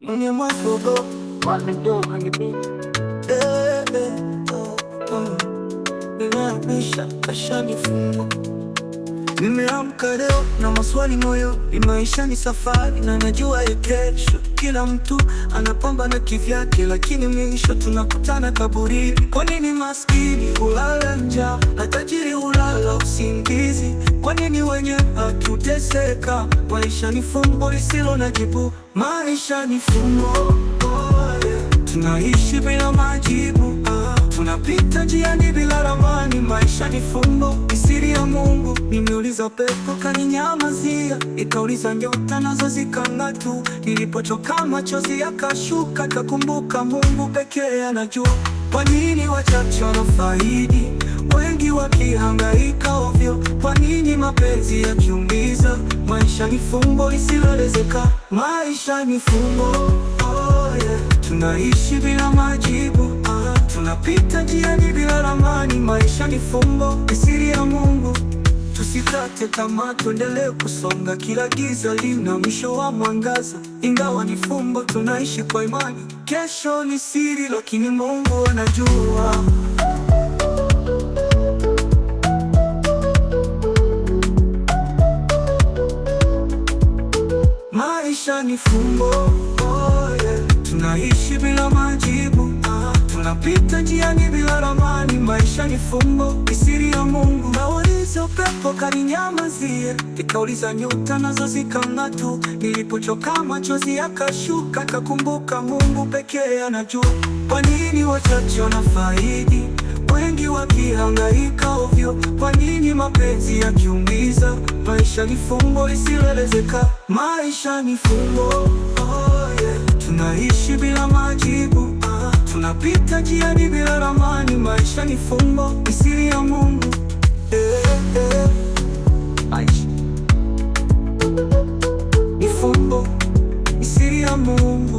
Mwenye mwasugo oh, oh. nimeamka leo na maswali moyo. Maisha ni safari na najua ya kesho. Kila mtu anapambana kivyake, lakini mwisho tunakutana kaburini. Kwa nini maskini ulala njaa na tajiri hulala usingizi? Kwa nini wenye hatuteseka? Maisha ni fumbo lisilo na jibu, maisha ni fumbo oh, yeah. Tunaishi bila majibu ah. Tunapita njiani bila ramani, maisha ni fumbo, ni siri ya Mungu. Nimeuliza pepo kaninyamazia, ikauliza nyota nazo zikang'atu. Nilipochoka machozi yakashuka, kakumbuka Mungu pekee anajua kwa nini wachache wanafaidi, wengi wakihangaika mapenzi yakiumiza, maisha ni fumbo lisiloelezeka, maisha ni fumbo oh yeah. Tunaishi bila majibu ah, tunapita njiani bila ramani, maisha ni fumbo, ni siri ya Mungu. Tusikate tamaa, tuendelee kusonga, kila giza lina mwisho wa mwangaza. Ingawa ni fumbo, tunaishi kwa imani, kesho ni siri, lakini Mungu anajua. maisha ni fumbo oh, yeah. Tunaishi bila majibu ah. Tunapita njiani bila ramani. Maisha ni fumbo, ni siri ya Mungu. Nauliza upepo kaninyamazia, nikauliza nyota nazo zikang'atu. Nilipochoka machozi yakashuka, kakumbuka Mungu pekee anajua. Kwa nini wachache wanafaidi, wengi wakihangaika moyo. Kwa nini mapenzi yakiumiza? Maisha ni fumbo lisiloelezeka, maisha ni fumbo oh, yeah. Tunaishi bila majibu ah. Tunapita njiani bila ramani, maisha ni fumbo, ni siri ya Mungu eh, eh. Ni fumbo, ni siri ya Mungu